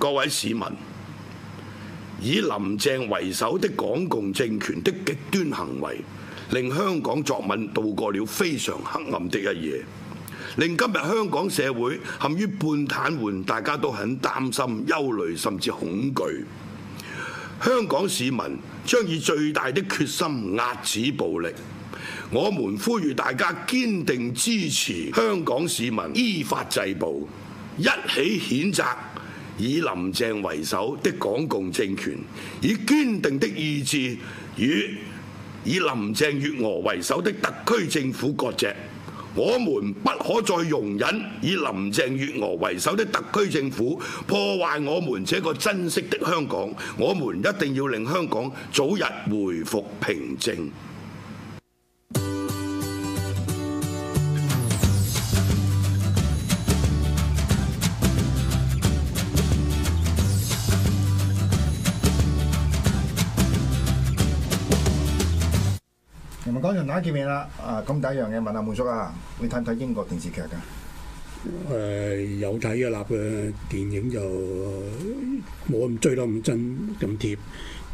各位市民，以林鄭為首的港共政權的極端行為令香港作文度過了非常黑暗的一夜，令今日香港社會陷於半癱瘓，大家都很擔心、憂慮甚至恐懼。香港市民將以最大的決心壓止暴力，我們呼籲大家堅定支持香港市民依法制暴，一起譴責。以林鄭為首的港共政權，以堅定的意志與以林鄭月娥為首的特區政府割席，我們不可再容忍以林鄭月娥為首的特區政府破壞我們這個珍惜的香港，我們一定要令香港早日回復平靜。講完、嗯、大家見面啦！啊，咁第一樣嘢問下滿、啊、叔啊，你睇唔睇英國電視劇噶、啊？誒、呃，有睇嘅，立嘅電影就冇咁、呃、追咯，咁真咁貼。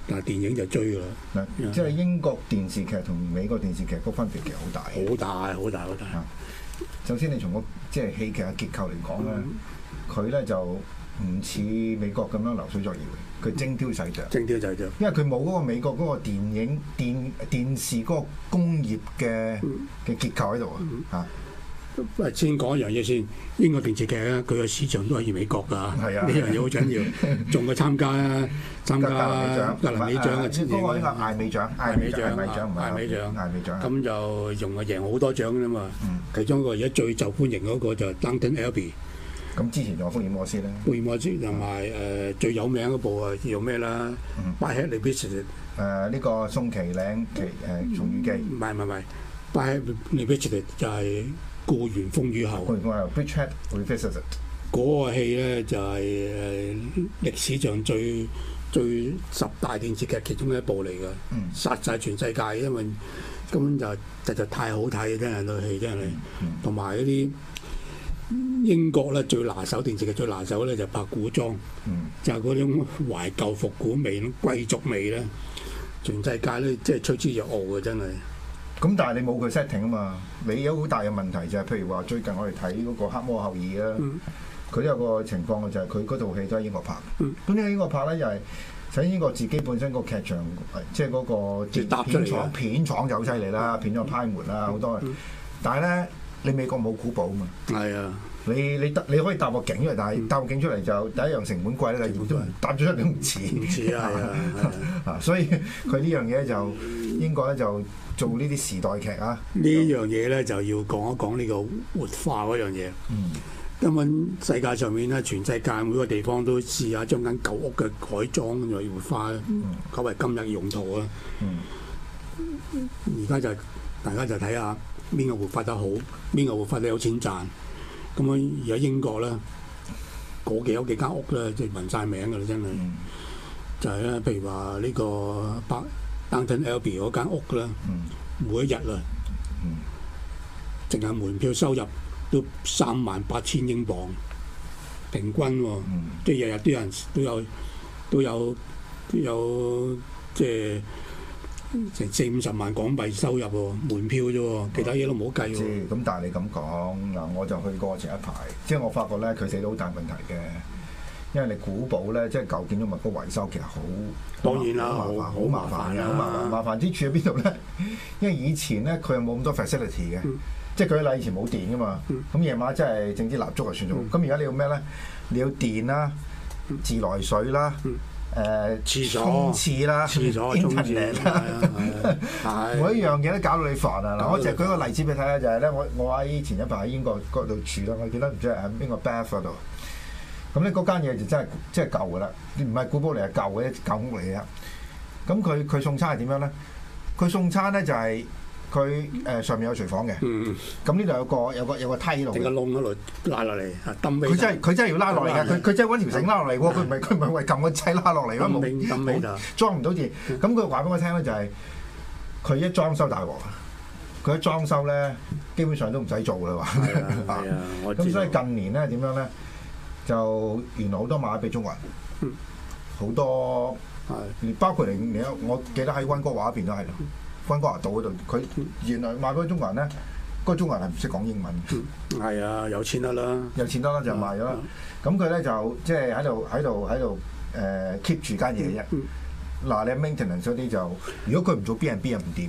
但係電影就追㗎啦。嗱、嗯，嗯、即係英國電視劇同美國電視劇個分別其實好大，好大，好大，好大。首、啊、先、那個，你從個即係戲劇嘅結構嚟講咧，佢咧、嗯、就唔似美國咁樣流水作業嘅。佢精雕細琢，精雕細琢，因為佢冇嗰個美國嗰個電影電電視嗰個工業嘅嘅結構喺度啊，嚇。都先講一樣嘢先，英國電視劇咧，佢嘅市場都係以美國㗎，呢樣嘢好緊要。仲佢參加啊，參加格蘭美獎啊，先講下艾美獎，艾美獎，艾美獎，艾美獎，咁就容係贏好多獎㗎嘛。其中一個而家最受歡迎嗰個就係 Downton Abbey。咁之前仲有《福爾摩斯》咧、就是，嗯《福爾摩斯》同埋誒最有名嗰部啊，叫做咩啦？嗯《Brideshead Revisited》誒、這、呢個宋《宋奇嶺》誒《風雨記》。唔係唔係唔係，《Brideshead Revisited》就係《故園風雨後》。過完嗰個戲咧，就係、是、誒、呃、歷史上最最十大電視劇其中一部嚟嘅。嗯。殺曬全世界，因為根本就實在太好睇，真人對戲，真人同埋嗰啲。英國咧，最拿手電視劇最拿手咧，就係拍古裝，就嗰種懷舊復古味、貴族味咧，全世界咧即係趨之若鶩啊！真係。咁但係你冇佢 setting 啊嘛，你有好大嘅問題就係、是，譬如話最近我哋睇嗰個《黑魔后二》啊、嗯，佢有個情況就係佢嗰套戲都係英國拍，咁呢個英國拍咧又係首先英國自己本身劇、就是、個劇場，即係嗰個搭片廠、片廠就好犀利啦，嗯、片咗派門啦好多，嗯嗯嗯嗯嗯、但係咧。你美國冇古堡嘛？係是啊，你你搭你可以搭個景啊，但係搭個景出嚟就第一樣成本貴啦本、 嗯，而家搭咗出嚟唔似唔似啊！啊啊、 所以佢呢樣嘢就應該咧就做呢啲時代劇啊。呢樣嘢咧就要講一講呢個活化嗰樣嘢。嗯，根本世界上面咧，全世界每個地方都試下將間舊屋嘅改裝要活化，佢為今日用途啊。嗯，而家就大家就睇下。邊個會發得好？邊個會發得有錢賺？咁、嗯、樣而家英國咧，嗰幾有幾間屋咧，即係聞晒名嘅啦，真係。真 mm. 就係、是、咧，譬如話、這個 mm. 呢個 Downton Abbey 嗰間屋咧，mm. 每一日啊，淨係、mm. 門票收入都三萬八千英鎊，平均喎、啊，mm. 即係日日啲人都有，都有，都有，都有即係。成四五十萬港幣收入喎，門票啫喎，其他嘢都唔好計喎。咁，但係你咁講嗱，我就去過前一排，即係我發覺咧，佢哋好大問題嘅，因為你古堡咧，即係舊建築物個維修其實好當然啦，好麻煩好，好麻煩啦、啊。麻煩之處喺邊度咧？啊、因為以前咧，佢又冇咁多 facility 嘅，嗯、即係舉例，以前冇電噶嘛，咁夜晚真係整支蠟燭就算咗。咁而家你要咩咧？你要電啦、啊，自來水啦、啊。嗯嗯誒廁所沖廁啦，cleaning 啦，每一樣嘢都搞到你煩啊！嗱，我淨係舉個例子俾你睇下，就係咧，我我喺前一排喺英國嗰度住啦，我記得唔知喺邊個 bathroom 度，咁咧嗰間嘢就真係真係舊嘅啦，唔係古堡嚟，係舊嘅一舊屋嚟嘅。咁佢佢送餐係點樣咧？佢送餐咧就係、是。佢誒上面有廚房嘅，咁呢度有個有個有個梯度，成個窿嗰度拉落嚟，佢真係佢真係要拉落嚟嘅。佢佢真係揾條繩拉落嚟喎，佢唔係佢唔係為撳個掣拉落嚟㗎，冇裝唔到嘢，咁佢話俾我聽咧就係佢一裝修大鑊，佢一裝修咧基本上都唔使做啦話，咁所以近年咧點樣咧就原來好多買咗俾中國人，好多，包括你，我記得喺溫哥華嗰邊都係。溫哥華島嗰度，佢原來賣俾中國人咧，嗰、那個中國人係唔識講英文嘅。係、嗯、啊，有錢得啦，有錢得啦就賣咗啦。咁佢咧就即係喺度喺度喺度誒 keep 住間嘢啫。嗱、嗯，你 maintenance 嗰啲就，如果佢唔做 B&B 唔掂。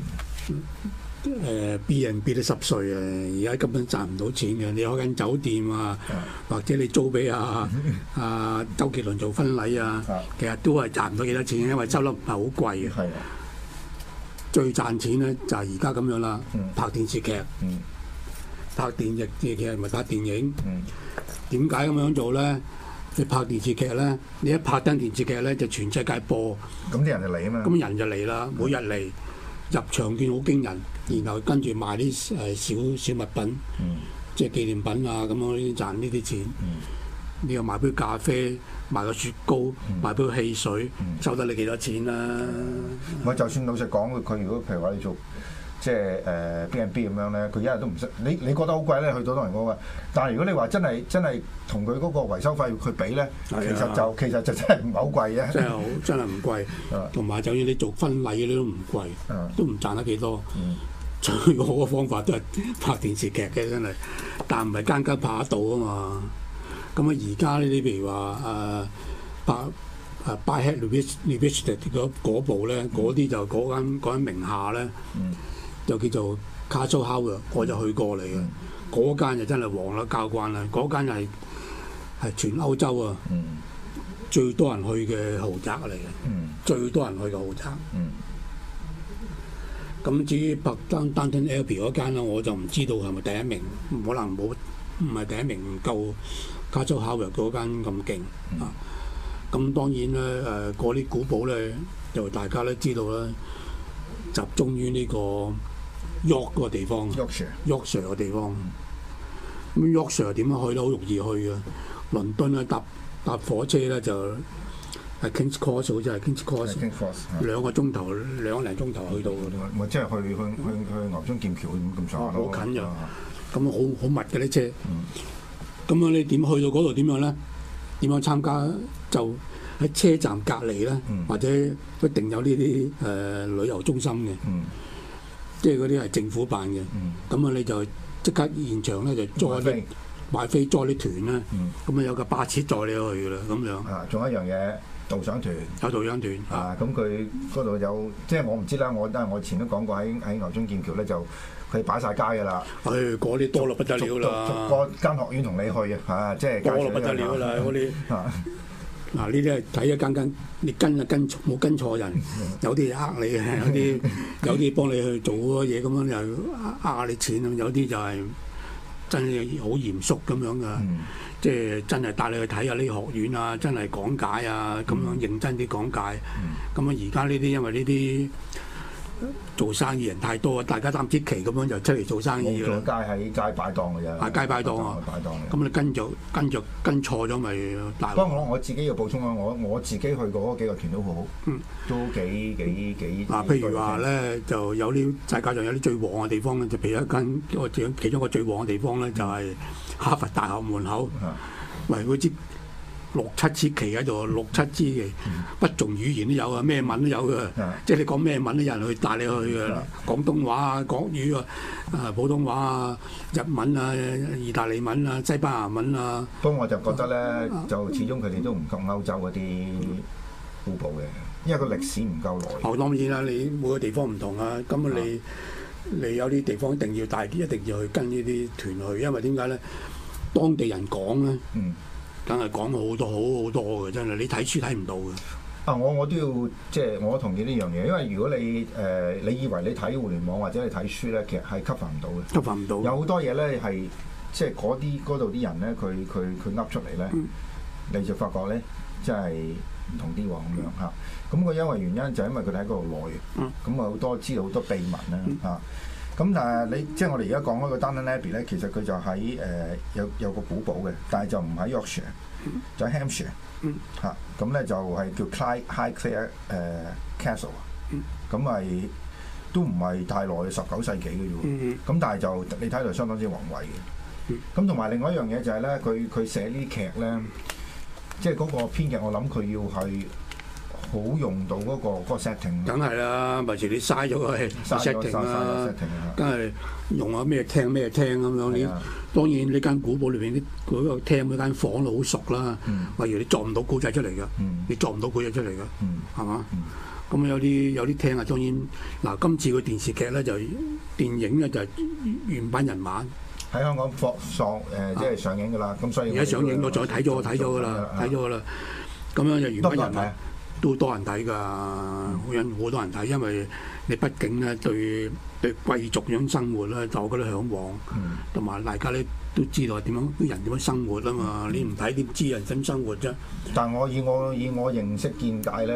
誒 B&B 都濕碎啊！而家、嗯呃、根本賺唔到錢嘅。你開間酒店啊，啊或者你租俾啊啊、嗯、周杰倫做婚禮啊，啊其實都係賺唔到幾多錢，因為收得唔係好貴啊。最賺錢咧就係而家咁樣啦，拍電視劇，拍電劇嘅嘅唔係拍電影。點解咁樣做咧？你拍電視劇咧，你一拍緊電視劇咧，就全世界播。咁啲、嗯、人就嚟啊嘛。咁人就嚟啦，每日嚟，入場券好驚人，然後跟住賣啲誒小小，小物品，嗯、即係紀念品啊咁樣賺呢啲錢。你又賣杯咖啡。賣個雪糕，賣杯汽水，嗯、收得你幾多錢啦、啊？我、嗯嗯、就算老實講，佢如果譬如話你做即係誒 B&B 咁樣咧，佢一日都唔識你。你覺得好貴咧，去到都人講嘅。但係如果你話真係真係同佢嗰個維修費去比咧，其實就其實就真係唔係好貴嘅。真係好真係唔貴，同埋、嗯、就算你做婚禮，你都唔貴，嗯、都唔賺得幾多。最好嘅方法都係拍電視劇嘅，真係，但唔係間間拍得到啊嘛。咁啊！而家呢啲，譬如話誒，百誒，Brideshead Revisited 嗰部咧，嗰啲就嗰間名下咧，就叫做 Castle Howard，我就去過嚟嘅。嗰間就真係旺啦，教慣啦。嗰間又係全歐洲啊，最多人去嘅豪宅嚟嘅，最多人去嘅豪宅。咁至於白丹丹頓 Abbey 嗰間咧，我就唔知道係咪第一名，可能冇唔係第一名夠。加州烤肉嗰間咁勁啊！咁當然咧誒，嗰啲古堡咧就大家都知道啦，集中於呢個 York 個地方。Yorkshire，Yorkshire 個地方。咁 Yorkshire 點樣去咧？好容易去啊。倫敦去搭搭火車咧，就 King's Cross，就係 King's Cross。King's Cross。兩個鐘頭，兩個零鐘頭去到度。我即係去去去去牛津劍橋咁咁上下好近咋？咁好好密嘅啲車。咁樣你點去到嗰度，點樣咧？點樣參加，就喺車站隔籬咧，嗯、或者一定有呢啲誒旅遊中心嘅，嗯、即係嗰啲係政府辦嘅。咁樣、嗯、你就即刻現場咧就載啲買飛載啲團啦。咁啊、嗯、有個巴士載你去嘅啦，咁樣。啊，仲有一樣嘢導賞團。有導賞團。啊，咁佢嗰度有，即係我唔知啦。我都係我前都講過喺喺牛津劍橋咧就。佢擺晒街噶啦，唉嗰啲多咯不得了啦！逐，逐，逐，逐個間學院同你去啊，啊即係、呢個、多咯不得了啦嗰啲。嗱呢啲係睇一間間，你跟啊跟冇跟錯人，有啲係呃你嘅，有啲有啲幫你去做好多嘢咁樣又呃你錢，有啲就係真係好嚴肅咁樣噶，即係、嗯、真係帶你去睇下呢學院啊，真係講解啊咁樣認真啲講解。咁啊而家呢啲因為呢啲。做生意人太多，大家三支旗咁樣就出嚟做生意咯。街喺街擺檔嘅啫、啊，街擺檔啊，擺檔、啊。咁、嗯、你跟著跟著跟錯咗，咪大。不過我自己又補充啊，我我自己去過幾個團都好，都幾幾幾。啊，譬、嗯、如話咧，就有啲世界上有啲最旺嘅地方咧，就譬如一間我其中一個最旺嘅地方咧，就係、是、哈佛大學門口，為佢接。六七支旗喺度，六七支旗，不同語言都有啊，咩文都有嘅，即係你講咩文都有人去帶你去嘅啦。廣東話啊、國語啊、啊普通話啊、日文啊、意大利文啊、西班牙文啊。不過我就覺得咧，就始終佢哋都唔夠歐洲嗰啲古堡嘅，因為個歷史唔夠耐。哦，當然啦，你每個地方唔同啊，咁啊你你有啲地方一定要帶，但係一定要去跟呢啲團去，因為點解咧？當地人講咧。梗係講好多，好好多嘅真係。你睇書睇唔到嘅啊！我我都要即係我同意呢樣嘢，因為如果你誒、呃、你以為你睇互聯網或者你睇書咧，其實係吸發唔到嘅，吸發唔到有好多嘢咧係即係嗰啲嗰度啲人咧，佢佢佢噏出嚟咧，嗯、你就發覺咧即係唔同啲喎咁樣嚇。咁佢、嗯嗯、因為原因就因為佢喺嗰度耐咁啊好多知道好多秘密啦嚇。嗯咁但係你即係我哋而家講開個 Downton Abbey 咧，其實佢就喺誒、呃、有有個古堡嘅，但係就唔喺 Yorkshire，就喺 Hampshire 嚇。咁咧就係叫 High Clare 誒 Castle，咁係都唔係太耐，十九世紀嘅啫。咁、嗯嗯嗯、但係就你睇就相當之宏偉嘅。咁同埋另外一樣嘢就係、是、咧，佢佢寫劇呢劇咧，即係嗰個編劇，我諗佢要去。冇用到嗰個個 setting，梗係啦。咪住你嘥咗個 setting 啦，梗係用下咩廳咩廳咁樣，你當然呢間古堡裏邊啲嗰個廳每間房都好熟啦。嗯。或你撞唔到古仔出嚟㗎。你撞唔到古仔出嚟㗎。嗯。係嘛？咁有啲有啲廳啊，當然嗱，今次個電視劇咧就電影咧就原班人馬。喺香港放索誒，即係上映㗎啦。咁所以而家上映我再睇咗，我睇咗㗎啦，睇咗㗎啦。咁樣就原班人馬。都多人睇㗎，好有好多人睇，因為你畢竟咧對對貴族生往往、嗯、樣、樣生活咧，就我覺得嚮往，同埋大家咧都知道點樣啲人點樣生活啊嘛，你唔睇點知人生生活啫？但係我以我以我認識見解咧，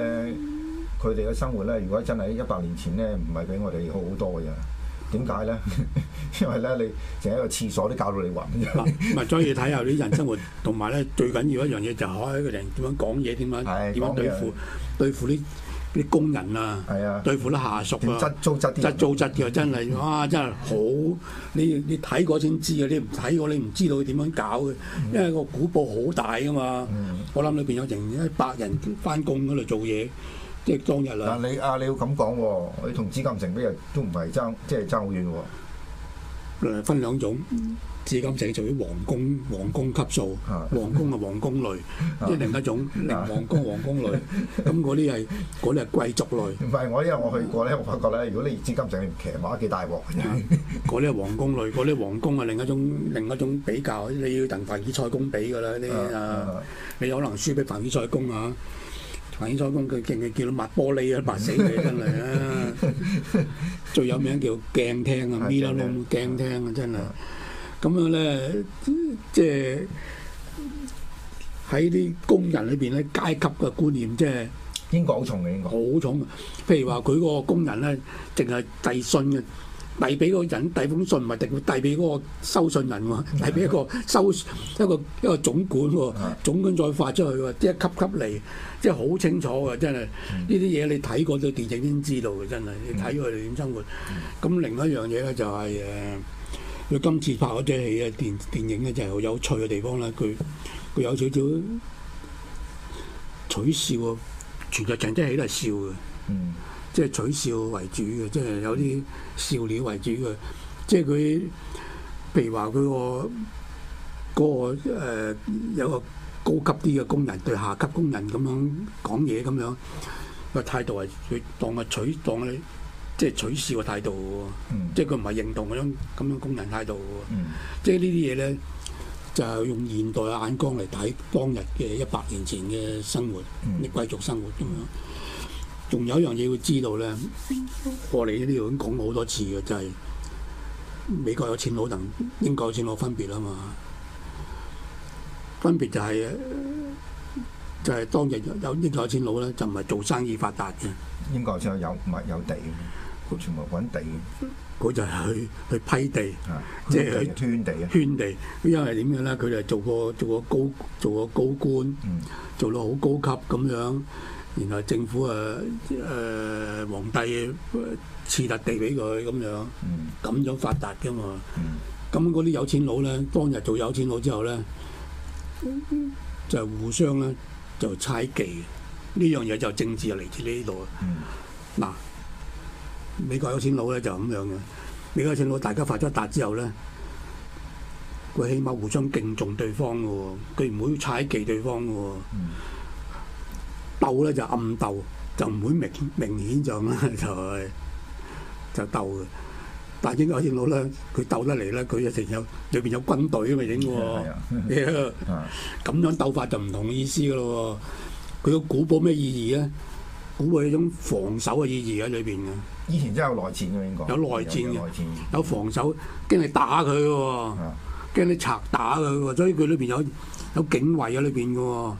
佢哋嘅生活咧，如果真係一百年前咧，唔係比我哋好好多嘅。點解咧？因為咧，你淨係喺個廁所都搞到你暈。唔係，所以睇下啲人生活，同埋咧最緊要一樣嘢就係個人點樣講嘢，點樣點樣對付對付啲啲工人啊，對付啲下屬啊，執組織啲，執組織嘅真係哇！真係好你你睇過先知嘅，你唔睇過你唔知道佢點樣搞嘅，因為個古堡好大噶嘛。我諗裏邊有成一百人翻工喺度做嘢。即係當日啦。但係你啊，你要咁講喎，你同紫禁城咧又都唔係爭，即係爭好遠嘅、哦、喎。分兩種，紫禁城屬於皇宮，皇宮級數。皇宮嘅皇宮類， 即係另一種，皇宮皇宮類。咁嗰啲係嗰啲係貴族類。唔係，我因為我去過咧， 我發覺咧，如果你紫禁城騎馬幾大鑊嘅。嗰啲係皇宮類，嗰啲皇宮係另一種，另一種比較，你要同凡爾賽宮比嘅啦，啲啊， 你可能輸俾凡爾賽宮啊。彭先生講佢淨係叫到抹玻璃啊，抹死你真係啊！ 最有名叫鏡廳啊，咪啦窿鏡廳啊，真係咁、嗯、樣咧，即係喺啲工人裏邊咧，階級嘅觀念即係英國好重嘅，英國好重嘅。譬如話佢個工人咧，淨係遞信嘅。遞俾嗰人遞封信，咪定會遞俾嗰個收信人喎，遞俾一個收一個一個總管喎，總管再發出去喎，即係級級嚟，即係好清楚嘅，真係呢啲嘢你睇過對電影已經知道嘅，真係你睇佢哋點生活嗯。咁另外一樣嘢咧就係、是、誒，佢、呃、今次拍嗰齣戲咧電,電影咧就係好有趣嘅地方咧，佢佢有少少取笑喎，全個場即係起嚟笑嘅。嗯即係取笑為主嘅，即係有啲笑料為主嘅。即係佢，譬如話佢、個、個誒、呃、有個高級啲嘅工人對下級工人咁樣講嘢咁樣個態度係佢當係取當係即係取笑嘅態度喎。嗯、即係佢唔係認同嗰種咁樣工人態度喎。嗯、即係呢啲嘢咧，就係、是、用現代嘅眼光嚟睇當日嘅一百年前嘅生活，啲貴、嗯、族生活咁樣。仲有一樣嘢要知道咧，我哋呢度已經講好多次嘅，就係美國有錢佬同英國有錢佬分別啊嘛。分別就係就係當日有英國有錢佬咧，就唔係做生意發達嘅。英國有錢佬有物有地，佢全部揾地。佢就係去去批地，即係去圈地啊。圈地，因為點樣咧，佢就做個做個高做個高官，嗯、做到好高級咁樣。然後政府誒誒、呃、皇帝賜笪、呃、地俾佢咁樣，咁樣發達㗎嘛。咁嗰啲有錢佬咧，當日做有錢佬之後咧，就互相咧就猜忌。呢樣嘢就政治嚟自呢度啊。嗱、嗯，美國有錢佬咧就咁樣嘅，美國有錢佬大家發咗達之後咧，佢起碼互相敬重對方嘅喎，佢唔會猜忌對方嘅喎。嗯鬥咧就暗鬥，就唔會明明顯就咁就係就鬥嘅。但係應該聽到咧，佢鬥得嚟咧，佢就梗有裏邊有軍隊啊嘛，整嘅喎。咁樣鬥法就唔同意思嘅咯。佢個古堡咩意義咧？古堡有種防守嘅意義喺裏邊嘅。以前真係有內戰嘅應該。有內戰嘅。有防守，驚你打佢嘅喎。驚啲賊打佢喎，所以佢裏邊有有警衞喺裏邊嘅喎。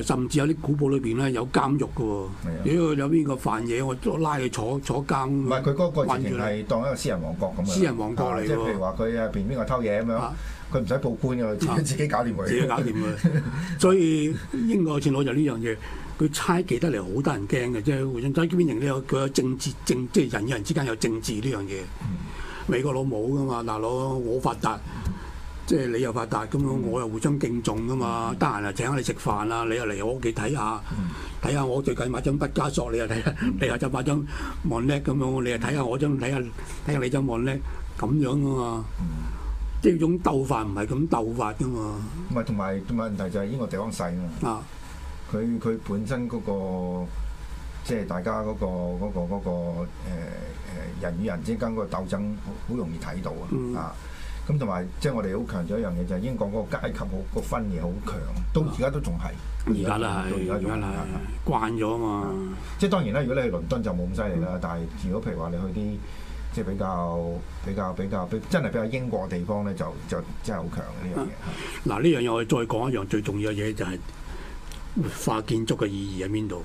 甚至有啲古堡裏邊咧有監獄嘅喎、哦，如果有邊個犯嘢，我拉佢坐坐監。唔係佢嗰個完全係當一個私人王國咁啊，私人王國嚟喎、啊。即譬如話佢啊邊邊個偷嘢咁樣，佢唔使報官嘅，自己搞掂佢。啊、自己搞掂佢。 所以英國先攞著呢樣嘢，佢猜忌得嚟好得人驚嘅。即係胡振仔邊型咧有佢有政治政，即係人與人之間有政治呢樣嘢。嗯、美國佬冇㗎嘛嗱，佬，好發達。即係你又發達，咁樣我又互相敬重㗎嘛。得閒就請你食飯啊，你又嚟我屋企睇下，睇下我最近買張畢加索，你又睇下，你又就買張望叻咁樣，你又睇下我張，睇下睇下你張望叻，咁樣㗎嘛。即係種鬥法唔係咁鬥法㗎嘛。唔係同埋問題就係呢個地方細啊。佢佢本身嗰個即係大家嗰個嗰個嗰個誒誒人與人之間嗰個鬥爭，好容易睇到啊。咁同埋，即係我哋好強咗一樣嘢，就係、是、英國嗰個階級好個分野好強，到而家都仲係，而家都係，而家都係慣咗嘛。即係當然啦，如果你去倫敦就冇咁犀利啦。嗯、但係如果譬如話你去啲即係比較比較比較，比較比較比真係比較英國嘅地方咧，就就真係好強呢、啊、樣嘢。嗱，呢樣嘢我哋再講一樣最重要嘅嘢，就係活化建築嘅意義喺邊度。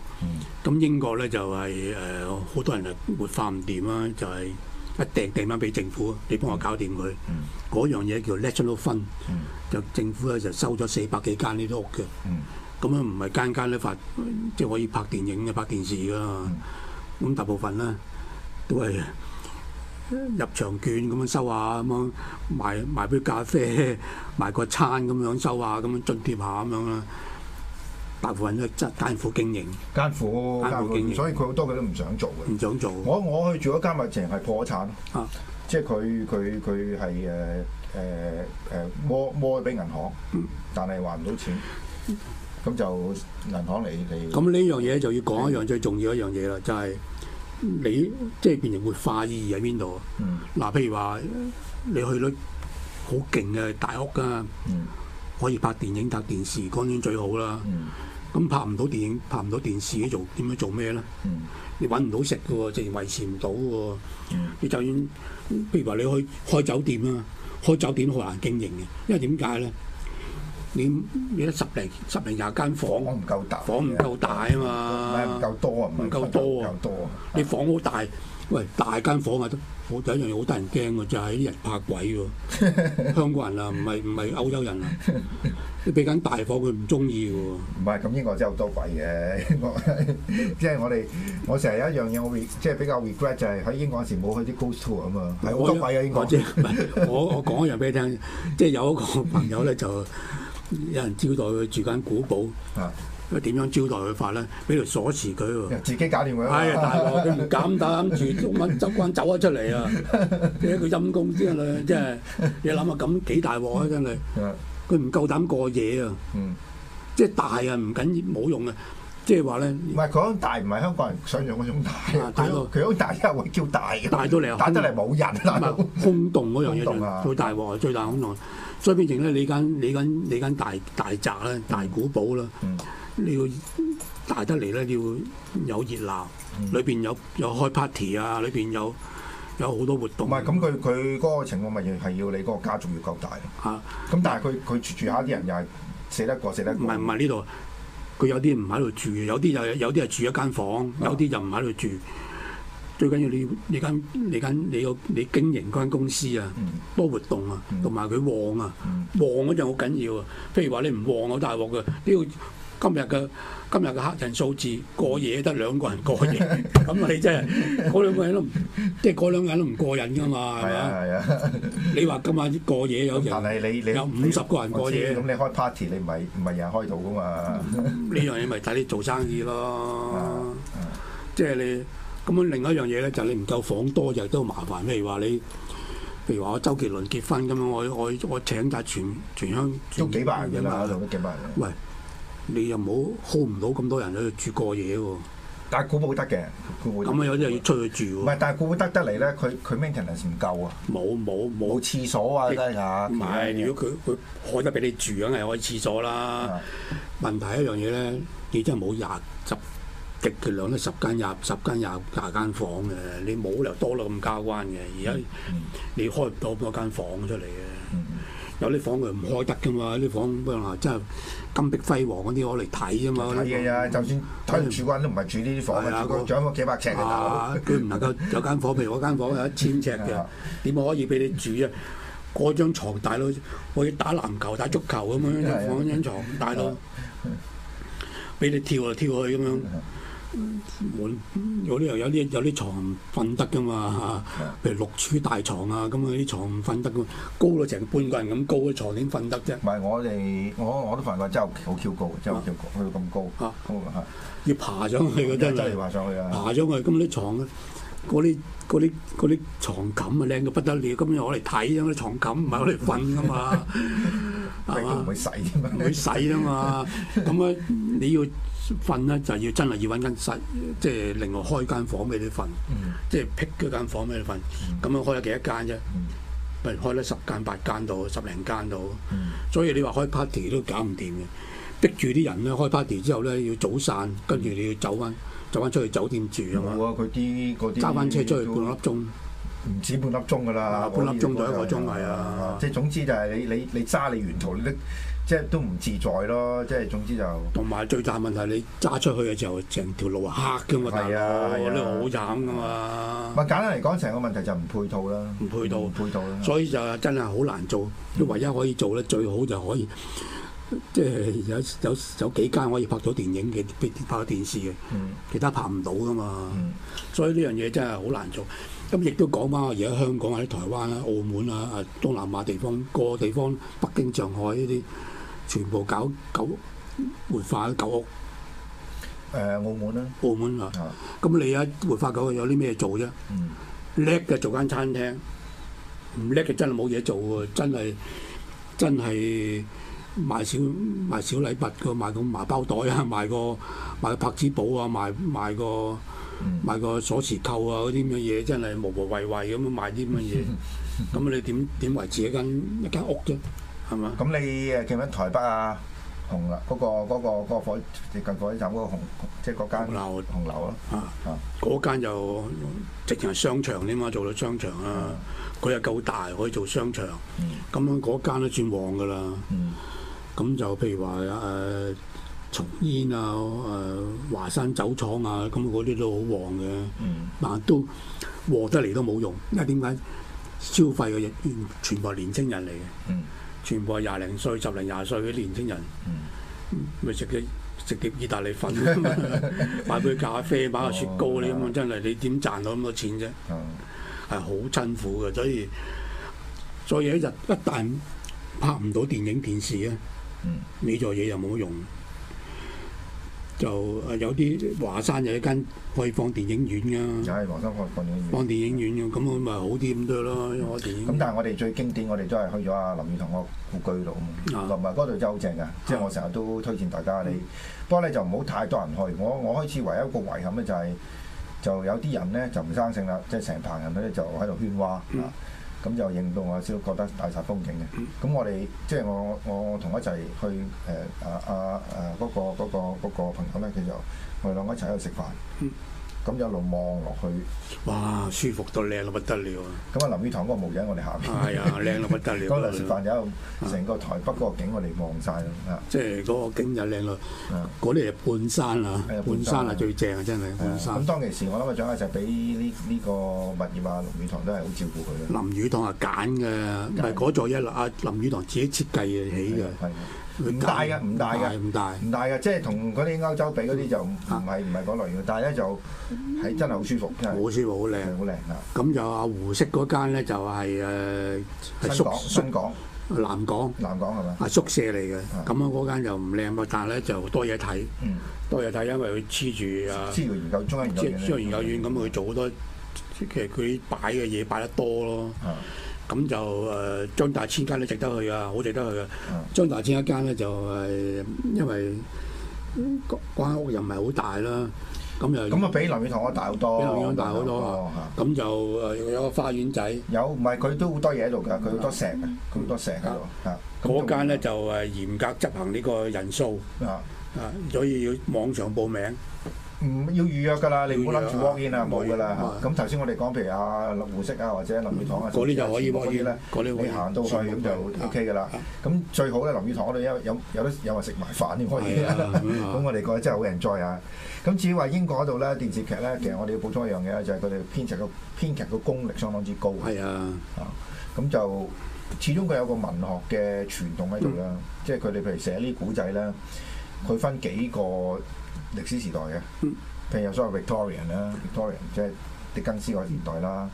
咁、嗯、英國咧就係、是、誒，好、呃、多人活化唔掂啦，就係、是。一定掟返俾政府，你幫我搞掂佢，嗰樣嘢叫 National 分，就政府咧就收咗四百幾間呢啲屋嘅。咁啊唔係間間咧發，即係可以拍電影嘅、拍電視嘅，咁大部分咧都係入場券咁樣收下，咁樣賣賣杯咖啡、賣個餐咁樣收下，咁樣津貼下咁樣啦。大部分都艱苦經營，艱苦艱苦經營，所以佢好多佢都唔想做嘅，唔想做我。我我去做咗間物，成係破產，啊，即係佢佢佢係誒誒誒，摸摸咗俾銀行，嗯、但係還唔到錢，咁就銀行嚟嚟。咁呢樣嘢就要講一樣最重要一樣嘢啦，就係、是、你即係、就是、變成活化意義喺邊度？嗱、嗯，譬、啊、如話你去到好勁嘅大屋啊。嗯可以拍電影、拍電視，當然最好啦。咁、mm. 嗯、拍唔到電影、拍唔到電視，做點樣做咩咧？Mm. 你搵唔到食㗎喎，即係維持唔到㗎喎。Mm. 你就算譬如話你去開酒店啊，開酒店好難經營嘅，因為點解咧？你而家十零十零廿間房，房唔夠大，房唔夠大啊嘛，唔係唔夠多啊，唔夠多啊，夠多啊，你房好大，喂，大間房啊，好第一樣嘢好得人驚喎，就係啲人怕鬼喎，香港人啊，唔係唔係歐洲人啊，你俾間大房佢唔中意嘅喎，唔係咁英國真係好多鬼嘅，即係我哋、就是、我成日有一樣嘢我會即係比較 regret 就係喺英國嗰時冇去啲 ghost tour 啊嘛，係好多鬼喺英國，即係我我講一樣俾你聽，即係 有一個朋友咧就。 有人招待佢住間古堡，啊，點樣招待佢法咧？俾條鎖匙佢喎，自己搞掂佢。係、哎，大鑊佢唔敢膽住，乜執慣走咗出嚟 啊？呢個陰功先啦，即係你諗下咁幾大鑊啊？真係，佢唔夠膽過夜啊，嗯、即係大啊，唔緊要，冇用啊。即係話咧，唔係佢講大，唔係香港人想像嗰種大，佢好大即係叫大，大到你啊，大到嚟冇人，空空不 洞嗰樣嘢最，洞、啊、最大鑊最大空洞。所以變成咧，你間你間你間大大宅咧，大古堡啦、嗯，你要大得嚟咧，要有熱鬧，裏邊、嗯、有有開 party 啊，裏邊有有好多活動。唔係咁，佢佢嗰個情況咪要要你嗰個家仲要夠大咯。嚇、啊！咁但係佢佢住住下啲人又係死得過死得過。唔係唔係呢度。佢有啲唔喺度住，有啲就有，有啲係住一間房，有啲就唔喺度住。最緊要你你間你間你個你，你經營嗰間公司啊，多活動啊，同埋佢旺啊，旺嗰陣好緊要啊。譬如話你唔旺我大鑊噶呢個。今日嘅今日嘅客人數字，過夜得兩個人過夜，咁 你真係嗰兩個人都唔，即係嗰兩人都唔過癮㗎嘛？係咪？係啊！你話今晚過夜有五十個人有五十個人過夜，咁你，你，你開 party 你唔係唔係日日開到㗎嘛？呢樣嘢咪睇你做生意咯。即係 你咁樣另一樣嘢咧，就你唔夠房多就都麻煩。譬如話你譬如話我周杰倫結婚咁樣，我我我請曬全全鄉都幾百人啦，我做幾百喂！ 你又唔好 hold 唔到咁多人喺度住過夜喎、啊？但係古堡得嘅，咁樣又真係要出去住喎、啊。唔係，但係古堡得得嚟咧，佢佢 maintenance 唔夠啊！冇冇冇！冇廁所啊！真係唔係，不其如果佢佢開得俾你住，梗係可以廁所啦。嗯、問題一樣嘢咧，你真係冇廿十極嘅量十間廿十間廿廿間房嘅，你冇理由多咗咁交關嘅。而家你開唔到咁多間房出嚟嘅。有啲房佢唔開得噶嘛，啲房咁樣啊，真係金碧輝煌嗰啲我嚟睇啫嘛。睇嘢啊，嗯、就算睇住關都唔係住呢啲房啊，佢長幅幾百尺，佢唔能夠有間房，譬如我間房有一千尺嘅，點 可以俾你住啊？嗰張牀大到可以打籃球、打足球咁樣，放張床大到俾 你跳嚟跳下去咁樣。冇，有啲又有啲有啲牀瞓得噶嘛，譬如六處大床啊，咁啊啲床唔瞓得噶嘛。高到成半個人咁高嘅牀點瞓得啫？唔係我哋，我我都發覺，真係好 Q 高，真係好 Q 高，去到咁高嚇，要爬上去嗰真係爬上去啊！爬上去，咁啲床啊，嗰啲嗰啲啲牀冚啊，靚到不得了，今日我嚟睇啊啲床冚，唔係我嚟瞓噶嘛，係啊，唔會洗嘛，唔會洗啦嘛，咁啊，你要。瞓咧就要真係要揾間室，即係另外開間房俾你瞓，即係闢嗰間房俾你瞓。咁樣開咗幾多間啫？如開咗十間八間到，十零間到。所以你話開 party 都搞唔掂嘅，逼住啲人咧開 party 之後咧要早散，跟住你要走翻，走翻出去酒店住啊嘛。佢啲啲揸翻車出去半粒鐘，唔止半粒鐘㗎啦，半粒鐘再一個鐘係啊。即係總之就係你你你揸你沿途你。即係都唔自在咯，即係總之就同埋最大問題，你揸出去嘅時候，成條路黑啊黑嘅、啊、嘛，大佬、啊，你好慘噶嘛。咪簡單嚟講，成個問題就唔配套啦，唔配套，唔、嗯、配套啦。所以就真係好難做，唯一可以做咧，最好就可以即係、就是、有有有幾間可以拍到電影嘅，拍到電視嘅，嗯、其他拍唔到噶嘛。嗯、所以呢樣嘢真係好難做。咁、嗯、亦都講翻而家香港喺台灣啊、澳門啊、東南亞地方，個地方北京、上海呢啲。全部搞舊活化舊屋，誒澳門啦，澳門啊。咁你啊活化舊有啲咩做啫？叻嘅做間餐廳，唔叻嘅真係冇嘢做喎！真係真係賣小賣小禮物嘅，賣個麻包袋啊，賣個賣柏芝寶啊，賣賣個賣個鎖匙扣啊嗰啲咁嘅嘢，真係無無謂謂咁樣賣啲咁嘅嘢，咁你點點維持一間一間屋啫？係嘛？咁你誒見緊台北啊，紅樓嗰個嗰個嗰個火最近火車站嗰個紅，即係嗰間紅樓咯啊啊！嗰間就直情係商場㗎嘛，做到商場啊，佢又夠大可以做商場。咁樣嗰間都算旺㗎啦。咁就譬如話誒松菸啊、誒華山酒廠啊，咁嗰啲都好旺嘅。但都旺得嚟都冇用，因為點解消費嘅嘢全部係年青人嚟嘅。全部係廿零歲、十零廿歲嘅年青人，咪食嘅食碟意大利粉， 買杯咖啡，買個雪糕你咁啊！真係你點賺到咁多錢啫？係好、哦、辛苦嘅，所以做嘢一日一旦拍唔到電影電視咧，你、嗯、做嘢又冇用。就誒有啲華山有一間可以放電影院噶，又係華山可以放電影院，放電影院咁，佢咪好啲咁多咯。因為電影咁，但係我哋最經典，我哋都係去咗阿林語堂嘅故居度啊嘛，林語堂嗰度真係好正噶，即係我成日都推薦大家的你。不過咧就唔好太多人去，嗯、我我開始唯一一個遺憾咧就係、是，就有啲人咧就唔生性啦，即係成棚人咧就喺度喧譁啊。嗯嗯咁就令到我有少少覺得大煞風景嘅。咁 我哋即係我我我同一齊去誒、呃、啊啊誒嗰、啊啊啊那個嗰、那個嗰、那個朋友咧，佢就我哋兩個一齊去食飯。 咁一路望落去，哇！舒服到靚到不得了。咁啊，林語堂嗰個模型，我哋下面，係啊，靚到不得了。嗰陣食飯有成個台北嘅景，我哋望晒啦。啊，即係嗰個景又靚到，嗰啲係半山啊。係啊，半山啊，最正啊，真係半山。咁當其時，我諗阿張生就俾呢呢個物業啊，林語堂都係好照顧佢。林語堂係揀嘅，但係嗰座一啦。阿林語堂自己設計起嘅。唔大嘅，唔大嘅，唔大，唔大嘅，即係同嗰啲歐洲比嗰啲就唔係唔係嗰類嘅，但係咧就係真係好舒服，好舒服，好靚，好靚啊！咁就阿胡適嗰間咧就係誒，新港，新港，南港，南港係嘛？啊，宿舍嚟嘅，咁樣嗰間就唔靚啊，但係咧就多嘢睇，多嘢睇，因為佢黐住啊，黐住研究中一研究院，黐研究院咁佢做好多，其實佢擺嘅嘢擺得多咯。咁就誒張大千間咧值得去啊，好值得去啊。張大千一間咧就誒，因為個間屋又唔係好大啦，咁又咁啊，比林雨堂個大好多，比林雨堂大好多啊。咁就誒有個花園仔，有唔係佢都好多嘢喺度㗎，佢好多石嘅，咁多石啊。嗰間咧就誒嚴格執行呢個人數啊啊，所以要網上報名。唔要預約㗎啦，你唔好諗住 walk in 啊，冇㗎啦。咁頭先我哋講譬如啊林湖式啊或者林語堂啊，嗰啲就可以可以啦。嗰啲你行到去咁就 OK 噶啦。咁最好咧林語堂嗰度有有有得有話食埋飯添，可以。咁我哋覺得真係好 enjoy 啊。咁至於話英國嗰度咧電視劇咧，其實我哋要補充一樣嘢，就係佢哋編劇個編劇個功力相當之高。係啊，咁就始終佢有個文學嘅傳統喺度啦，即係佢哋譬如寫啲古仔咧，佢分幾個歷史時代嘅，譬如有所謂 Victorian 啦，Victorian 即係狄更斯個年代啦，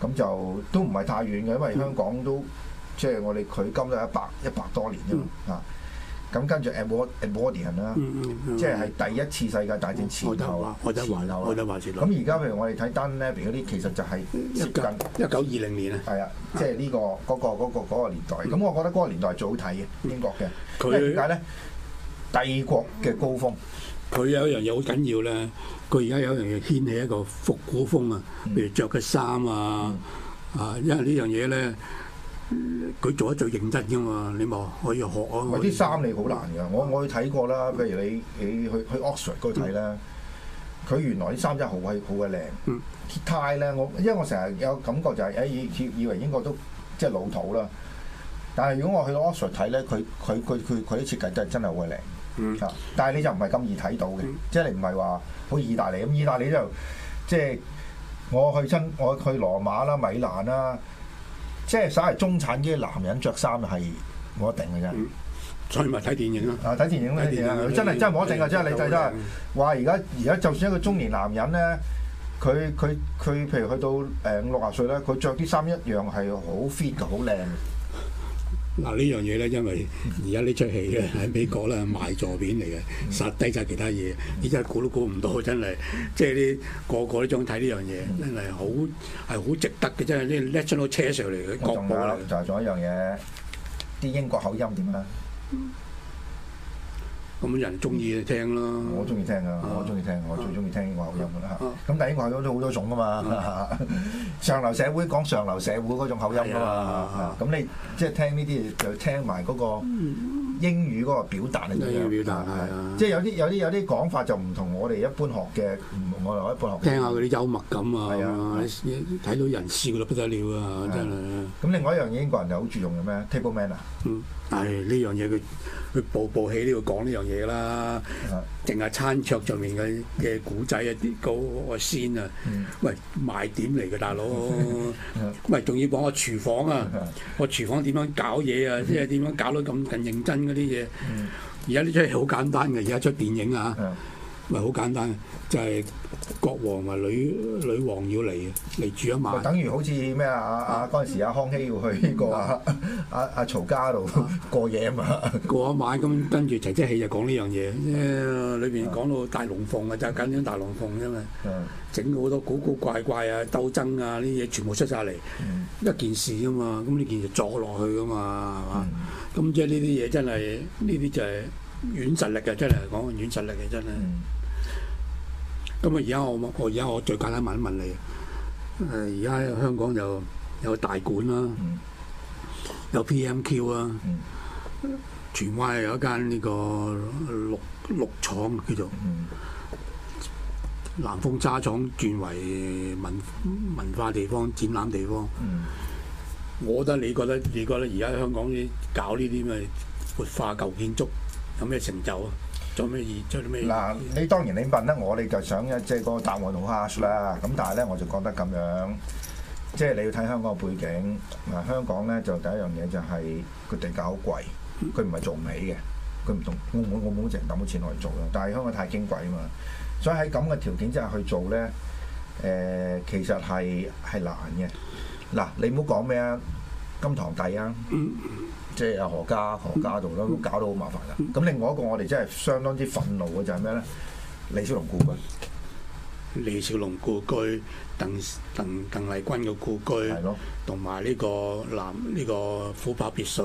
咁就都唔係太遠嘅，因為香港都即係我哋佢今都一百一百多年啫嘛嚇。咁跟住 Edwardian 啦，即係第一次世界大戰前頭啊，前頭啊，前頭啊。咁而家譬如我哋睇 Downton 咧，譬如嗰啲其實就係接近一九二零年啊。係啊，即係呢個嗰個嗰個年代。咁我覺得嗰個年代最好睇嘅英國嘅，因為點解咧？帝國嘅高峰。佢有一樣嘢好緊要咧，佢而家有一樣嘢掀起一個復古風啊，譬如着嘅衫啊，啊，因為呢樣嘢咧，佢做得最認真㗎嘛，你望可以學啊。喂，啲衫你好難㗎，我我去睇過啦。譬如你去你去去 Oxford 嗰度睇咧，佢、嗯、原來啲衫真係好鬼好鬼靚。嗯。泰咧，我因為我成日有感覺就係、是、誒以以以為英國都即係老土啦，但係如果我去 Oxford 睇咧，佢佢佢佢佢啲設計都真係真係好鬼靚。嗯，但係你就唔係咁易睇到嘅，即係你唔係話好意大利咁。意大利就即係我去親，我去羅馬啦、米蘭啦，即係稍為中產啲男人着衫係冇得頂嘅啫。去埋睇電影咯，啊！睇電影咧，真係真係冇得頂嘅，真係你真係話而家而家就算一個中年男人咧，佢佢佢譬如去到誒五六十歲咧，佢着啲衫一樣係好 fit 嘅，好靚。嗱、啊、呢樣嘢咧，因為而家呢出戲咧喺 美國啦，賣座片嚟嘅， 殺低晒其他嘢，你真係估都估唔到，真係即係啲個個都想睇呢樣嘢，真係好係好值得嘅，真係啲 National Treasure 嚟嘅。我仲有就做一樣嘢，啲英國口音點啊？嗯咁人中意聽咯，我中意聽啊！我中意聽，我最中意聽英國口音噶啦。咁但英國口音都好多種噶嘛。啊、 上流社會講上流社會嗰種口音噶嘛。咁你即係、就是、聽呢啲就聽埋嗰個英語嗰個表達，表達啊，啊即係有啲有啲有啲講法就唔同我哋一般學嘅。聽下佢啲幽默感啊，睇到人笑到不得了啊！真係。咁另外一樣嘢英國人又好注重嘅咩？Table manners。嗯，係呢樣嘢佢佢部部戲起呢個講呢樣嘢啦，淨係餐桌上面嘅嘅故仔一啲嗰個 scene 啊，喂賣點嚟嘅大佬，喂仲要講個廚房啊，個廚房點樣搞嘢啊，即係點樣搞到咁咁認真嗰啲嘢。而家呢出戲好簡單嘅，而家出電影啊。咪好簡單，就係國王同女女王要嚟嚟住一晚。等於好似咩啊？啊啊！嗰陣時阿康熙要去呢個啊啊啊曹家度過夜啊嘛，過一晚咁，跟住齊即戲就講呢樣嘢。誒，裏邊講到大龍鳳啊，就緊緊大龍鳳啫嘛。嗯。整好多古古怪怪啊、鬥爭啊呢嘢，全部出晒嚟。一件事啫嘛，咁呢件事坐落去噶嘛，係嘛？咁即係呢啲嘢真係呢啲就係。軟實力嘅，真係講軟實力嘅真係，咁啊而家我我而家我最簡單問一問你，誒而家香港有有大館啦，有 PMQ 啊，荃灣有一間呢個綠綠廠叫做南豐紗廠，轉為文文化地方、展覽地方。嗯、我覺得你覺得你覺得而家香港搞呢啲咩活化舊建築？有咩成就啊？做咩嘢？做啲咩？嗱，你當然你問啦，我你就想即係個答案好 hard 啦。咁但係咧，我就覺得咁樣，即係你要睇香港嘅背景。啊，香港咧就第一樣嘢就係佢地價好貴，佢唔係做唔起嘅，佢唔同澳門澳門，成抌咗錢落去做啦。但係香港太矜貴啊嘛，所以喺咁嘅條件之下去做咧，誒、呃、其實係係難嘅。嗱、啊，你唔好講咩啊，金堂帝啊。嗯即係何家何家度咯，都搞到好麻煩噶。咁、嗯、另外一個我哋真係相當之憤怒嘅就係咩咧？李小龍故居、李小龍故居、鄧鄧鄧麗君嘅故居，同埋呢個南呢、呢個虎豹別墅，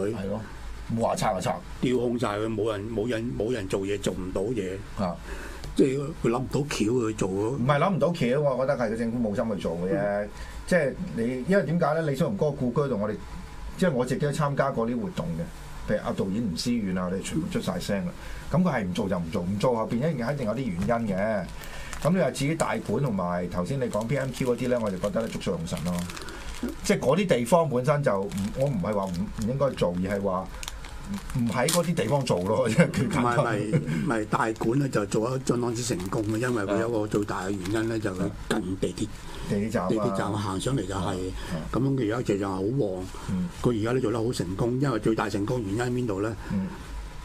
話拆話拆，調控晒佢，冇、啊、人冇人冇人、人做嘢，做唔到嘢嚇。的即係佢諗唔到橋去做。唔係諗唔到橋，我覺得係個政府冇心去做嘅啫。即係你，因為點解咧？李小龍嗰個故居同我哋。即係我自己都參加過啲活動嘅，譬如阿導演吳思遠啊，我哋全部出晒聲啦。咁佢係唔做就唔做，唔做後邊一定肯定有啲原因嘅。咁你話至於大館同埋頭先你講 PMQ 嗰啲咧，我就覺得捉錯用神咯。即係嗰啲地方本身就唔，我唔係話唔唔應該做，而係話。唔喺嗰啲地方做咯，唔係唔係大館咧就做得相當之成功嘅，因為佢有一個最大嘅原因咧，就近地鐵，地鐵站、啊，地鐵站行上嚟就係、是、咁、嗯、樣。佢而家就就好旺，佢而家都做得好成功，因為最大成功原因喺邊度咧？嗯、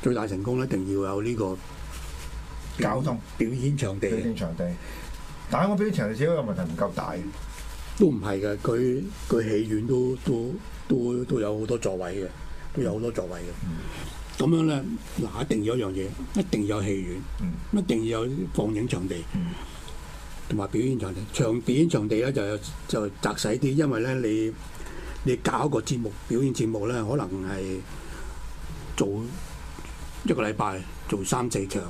最大成功一定要有呢個交通表演場地，場地。但係我俾啲場地小個問題唔夠大，都唔係嘅。佢佢戲院都都都都有好多座位嘅。都有好多座位嘅，咁樣呢，嗱，一定要一樣嘢，一定要有戲院，嗯、一定要有放映場地，同埋、嗯、表演場地。場表演場地呢，就有就窄細啲，因為呢，你你搞個節目表演節目呢，可能係做一個禮拜做三四場，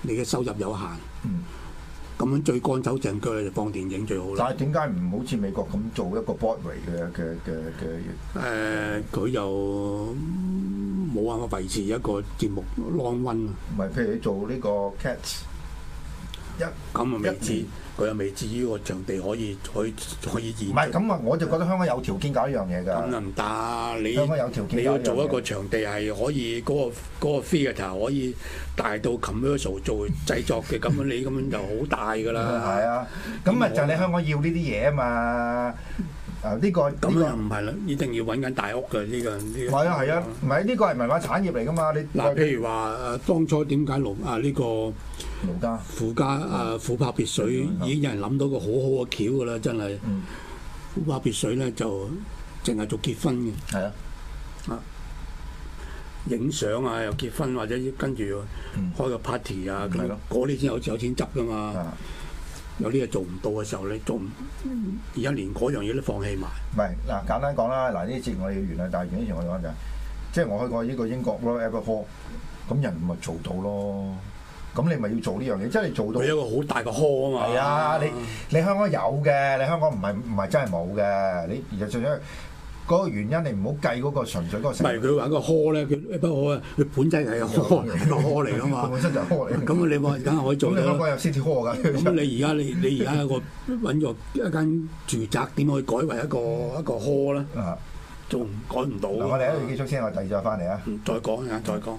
你嘅收入有限。嗯嗯咁樣最乾手淨腳就放電影最好啦。但係點解唔好似美國咁做一個 Broadway 嘅嘅嘅嘅？誒，佢又冇辦法維持一個節目 long run 啊。唔係，譬如你做呢個 Cats。一咁啊，未知，佢又未知呢個場地可以，可以可以移。唔係咁啊，我就覺得香港有條件搞一樣嘢㗎。咁又唔得，你香港有條件，你要做一個場地係可以嗰個嗰個 theater 可以大到 commercial 做製作嘅，咁樣你咁樣就好大㗎啦。係啊，咁啊，就你香港要呢啲嘢啊嘛。啊，呢個咁又唔係啦，一定要揾緊大屋㗎呢個。係啊係啊，唔係呢個係文化產業嚟㗎嘛你。嗱，譬如話，當初點解龍啊呢個？附加啊，富拍別墅已經有人諗到個好好嘅橋㗎啦，真係富拍別墅咧就淨係做結婚嘅。係啊，啊影相啊，又結婚或者跟住開個 party 啊，嗰啲先有有錢執㗎嘛。有啲嘢做唔到嘅時候，你做唔而家連嗰樣嘢都放棄埋。唔，嗱，簡單講啦，嗱呢次我哋原來大團體嚟講就係，即係我去過呢個英國 Royal Air Force，咁人咪做到咯。咁你咪要做呢樣嘢，即係做到。你有個好大嘅 hall 啊嘛！係啊，啊，你你香港有嘅，你香港唔係唔係真係冇嘅。你而家最緊要嗰個原因，你唔好計嗰個純粹嗰個。唔係佢揾個 hall 咧，佢不過佢本身係個 hall， 個 hall 嚟噶嘛。 本身就係 hall 嚟。咁啊，你話梗係可以做啦。 你香港有 city hall 㗎。咁你而家你你而家一個揾咗 一間住宅，點可以改為一個 一個 hall 咧？啊，仲改唔到？我哋喺度結束先，我第二再翻嚟啊！再講啊，再講。再講